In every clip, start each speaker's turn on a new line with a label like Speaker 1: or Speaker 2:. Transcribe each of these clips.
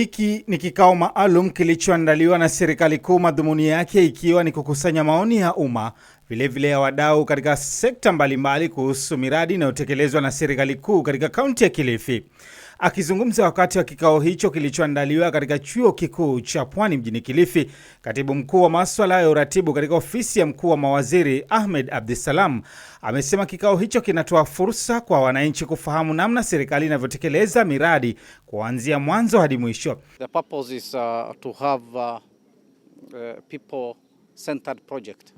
Speaker 1: Hiki ni kikao maalum kilichoandaliwa na serikali kuu, madhumuni yake ikiwa ni kukusanya maoni ya umma, vilevile ya wadau katika sekta mbalimbali kuhusu miradi inayotekelezwa na serikali kuu katika kaunti ya Kilifi. Akizungumza wakati wa kikao hicho kilichoandaliwa katika chuo kikuu cha Pwani mjini Kilifi, katibu mkuu wa maswala ya uratibu katika ofisi ya mkuu wa mawaziri Ahmed Abdissalam amesema kikao hicho kinatoa fursa kwa wananchi kufahamu namna serikali inavyotekeleza miradi kuanzia mwanzo hadi mwisho.
Speaker 2: The purpose is, uh, to have, uh, uh people centered project.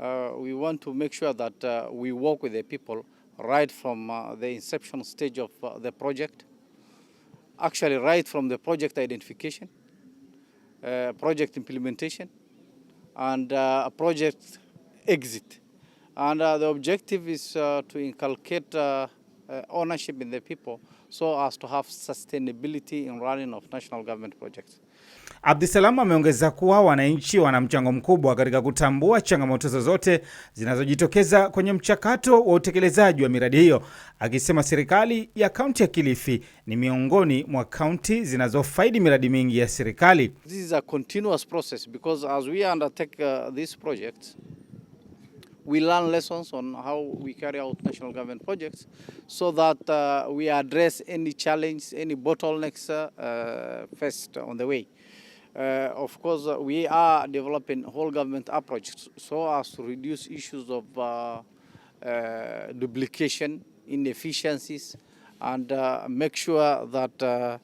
Speaker 2: Uh, we want to make sure that uh, we work with the people right from uh, the inception stage of uh, the project actually right from the project identification, uh, project implementation, and uh, project exit. And uh, the objective is uh, to inculcate uh, uh, ownership in the people so as to have sustainability in running of national government projects.
Speaker 1: Abdissalam ameongeza kuwa wananchi wana mchango mkubwa katika kutambua changamoto zozote zinazojitokeza kwenye mchakato wa utekelezaji wa miradi hiyo, akisema serikali ya kaunti ya Kilifi ni miongoni mwa kaunti zinazofaidi miradi mingi ya serikali. This
Speaker 2: is a continuous process because as we undertake uh, these projects we learn lessons on how we carry out national government projects so that uh, we address any challenge, any bottlenecks uh, uh first on the way. Uh, of course, uh, we are developing whole government approach so as to reduce issues of uh, uh, duplication, inefficiencies, and uh, make sure that uh,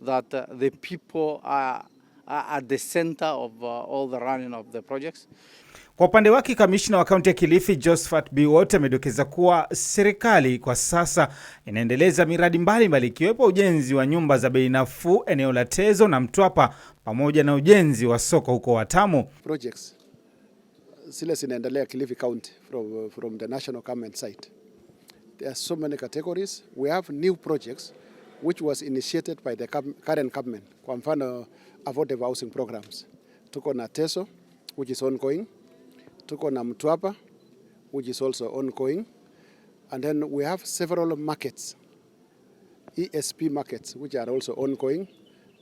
Speaker 2: that uh, the people are, are at the center of uh, all the running of the projects.
Speaker 1: Kwa upande wake kamishna wa kaunti ya Kilifi Josephat Biwott amedokeza kuwa serikali kwa sasa inaendeleza miradi mbalimbali ikiwepo ujenzi wa nyumba za bei nafuu eneo la Tezo na Mtwapa pamoja na ujenzi wa soko huko Watamu.
Speaker 2: Projects zile zinaendelea Kilifi County from, from the national government site. There are so many categories. We have new projects which was initiated by the current government. Kwa mfano affordable housing programs. Tuko na Tezo which is ongoing tuko na Mtwapa which is also ongoing and then we have several markets ESP markets which are also ongoing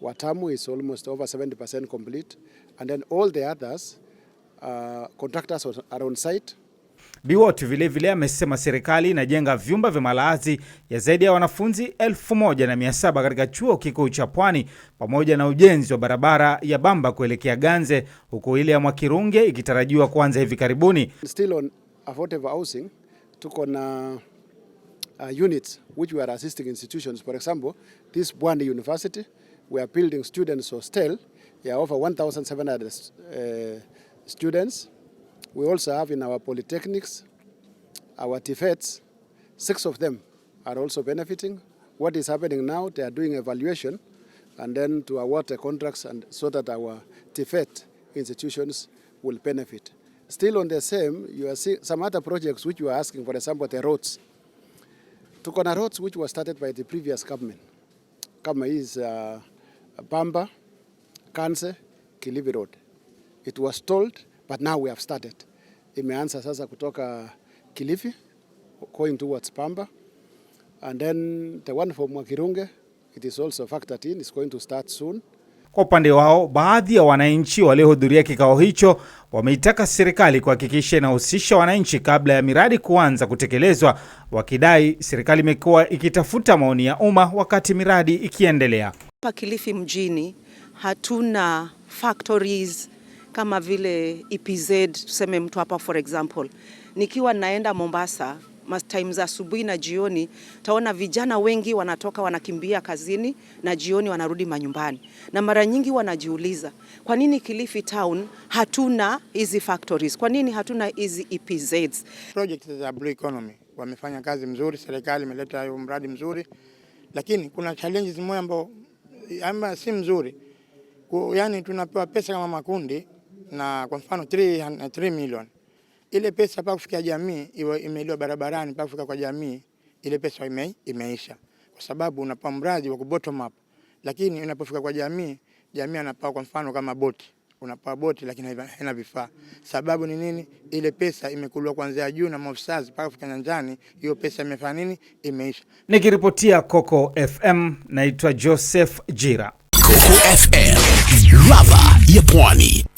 Speaker 2: Watamu is almost over 70% complete and then all the others uh, contractors are on site
Speaker 1: Biwott vilevile amesema serikali inajenga vyumba vya malazi ya zaidi ya wanafunzi 1700 katika chuo kikuu cha Pwani pamoja na ujenzi wa barabara ya Bamba kuelekea Ganze huku ile ya Mwakirunge ikitarajiwa kuanza hivi karibuni.
Speaker 2: Still on affordable housing, tuko na uh, units which we are assisting institutions. For example, this Bwani University, we are building students hostel. Yeah, over 1700 uh, students We also have in our polytechnics, our TFETs, six of them are also benefiting. What is happening now, they are doing evaluation and then to award the contracts and so that our TFET institutions will benefit. Still on the same, you are seeing some other projects which you are asking, for example, the roads. Tukona roads which was started by the previous government. Kama is uh, Bamba, Kanse, Kilibi Road. It was told but now we have started. Imeanza sasa kutoka Kilifi going towards Pamba and then the one from Mwakirunge it is also factored in is going to start soon.
Speaker 1: Kwa upande wao, baadhi ya wananchi waliohudhuria kikao hicho wameitaka serikali kuhakikisha inahusisha wananchi kabla ya miradi kuanza kutekelezwa, wakidai serikali imekuwa ikitafuta maoni ya umma wakati miradi ikiendelea.
Speaker 3: Hapa Kilifi mjini hatuna factories kama vile EPZ, tuseme mtu hapa for example, nikiwa naenda Mombasa time za asubuhi na jioni, taona vijana wengi wanatoka wanakimbia kazini na jioni wanarudi manyumbani, na mara nyingi wanajiuliza kwa nini Kilifi town hatuna hizi factories, kwa nini hatuna hizi EPZs.
Speaker 4: Project za blue economy wamefanya kazi mzuri, serikali imeleta hiyo mradi mzuri, lakini kuna challenges moja ambao ama si mzuri, yaani tunapewa pesa kama makundi na kwa mfano 3, 3 eh, million ile pesa pa kufikia jamii iwe imeliwa barabarani pa kufika kwa jamii, ile pesa ime, imeisha kwa sababu unapa mradi wa bottom up, lakini unapofika kwa jamii, jamii anapaa kwa mfano kama boti, unapaa boti lakini haina vifaa. Sababu ni nini? Ile pesa imekuliwa kuanzia juu na maofisa mpaka kufika nyanjani, hiyo pesa imefanya nini? Imeisha.
Speaker 1: Nikiripotia Coco FM, naitwa Joseph Jira, Coco FM, ladha ya Pwani.